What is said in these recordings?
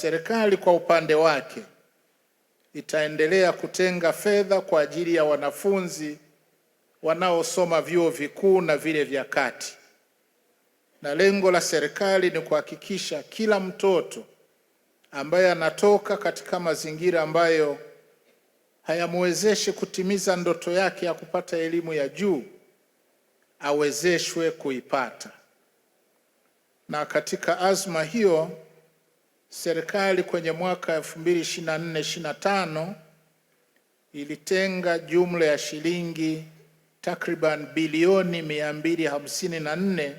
Serikali kwa upande wake itaendelea kutenga fedha kwa ajili ya wanafunzi wanaosoma vyuo vikuu na vile vya kati, na lengo la serikali ni kuhakikisha kila mtoto ambaye anatoka katika mazingira ambayo hayamwezeshi kutimiza ndoto yake ya kupata elimu ya juu awezeshwe kuipata. Na katika azma hiyo serikali kwenye mwaka 2024 25 ilitenga jumla ya shilingi takriban bilioni 254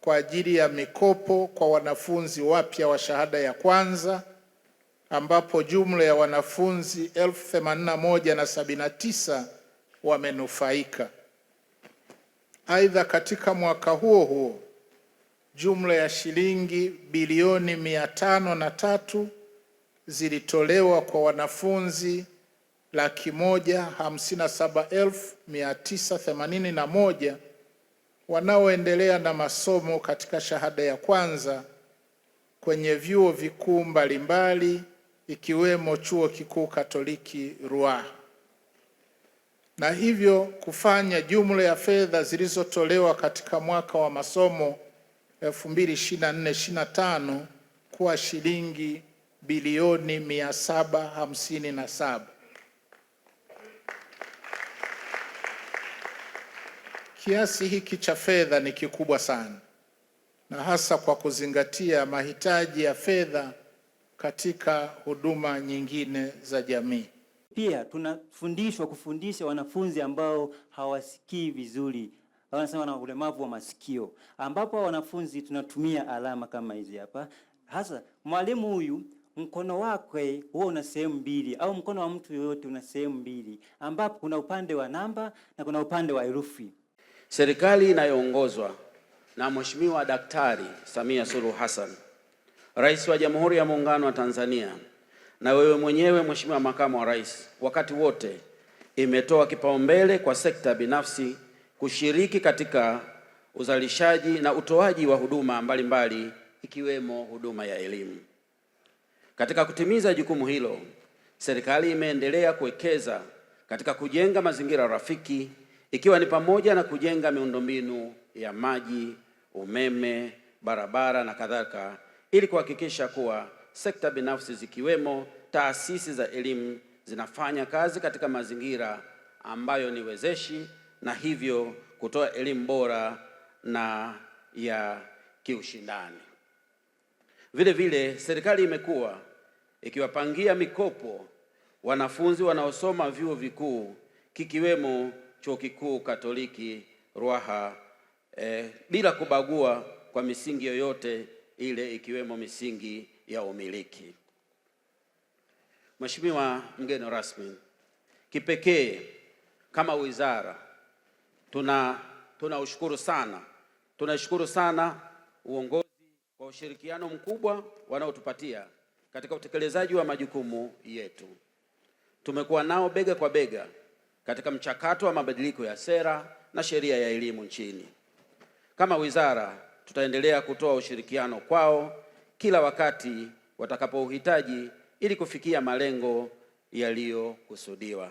kwa ajili ya mikopo kwa wanafunzi wapya wa shahada ya kwanza ambapo jumla ya wanafunzi elfu tisa wamenufaika. Aidha, katika mwaka huo huo jumla ya shilingi bilioni mia tano na tatu zilitolewa kwa wanafunzi laki moja hamsini na saba elfu mia tisa themanini na moja wanaoendelea na masomo katika shahada ya kwanza kwenye vyuo vikuu mbalimbali ikiwemo Chuo Kikuu Katoliki Ruaha na hivyo kufanya jumla ya fedha zilizotolewa katika mwaka wa masomo 2024/25 kuwa shilingi bilioni 757. Kiasi hiki cha fedha ni kikubwa sana na hasa kwa kuzingatia mahitaji ya fedha katika huduma nyingine za jamii. Pia tunafundishwa kufundisha wanafunzi ambao hawasikii vizuri wanasema na ulemavu wa masikio, ambapo wanafunzi tunatumia alama kama hizi hapa. Hasa mwalimu huyu mkono wake huwa una sehemu mbili, au mkono wa mtu yoyote una sehemu mbili, ambapo kuna upande wa namba na kuna upande wa herufi. Serikali inayoongozwa na Mheshimiwa Daktari Samia Suluhu Hassan, Rais wa Jamhuri ya Muungano wa Tanzania, na wewe mwenyewe Mheshimiwa Makamu wa Rais, wakati wote imetoa kipaumbele kwa sekta binafsi kushiriki katika uzalishaji na utoaji wa huduma mbalimbali mbali, ikiwemo huduma ya elimu. Katika kutimiza jukumu hilo, serikali imeendelea kuwekeza katika kujenga mazingira rafiki ikiwa ni pamoja na kujenga miundombinu ya maji, umeme, barabara na kadhalika ili kuhakikisha kuwa sekta binafsi zikiwemo taasisi za elimu zinafanya kazi katika mazingira ambayo ni wezeshi na hivyo kutoa elimu bora na ya kiushindani. Vile vile serikali imekuwa ikiwapangia mikopo wanafunzi wanaosoma vyuo vikuu kikiwemo Chuo Kikuu Katoliki Ruaha eh, bila kubagua kwa misingi yoyote ile ikiwemo misingi ya umiliki. Mheshimiwa mgeni rasmi, kipekee kama wizara Tuna tunaushukuru sana, tunashukuru sana uongozi kwa ushirikiano mkubwa wanaotupatia katika utekelezaji wa majukumu yetu. Tumekuwa nao bega kwa bega katika mchakato wa mabadiliko ya sera na sheria ya elimu nchini. Kama wizara, tutaendelea kutoa ushirikiano kwao kila wakati watakapouhitaji ili kufikia malengo yaliyokusudiwa.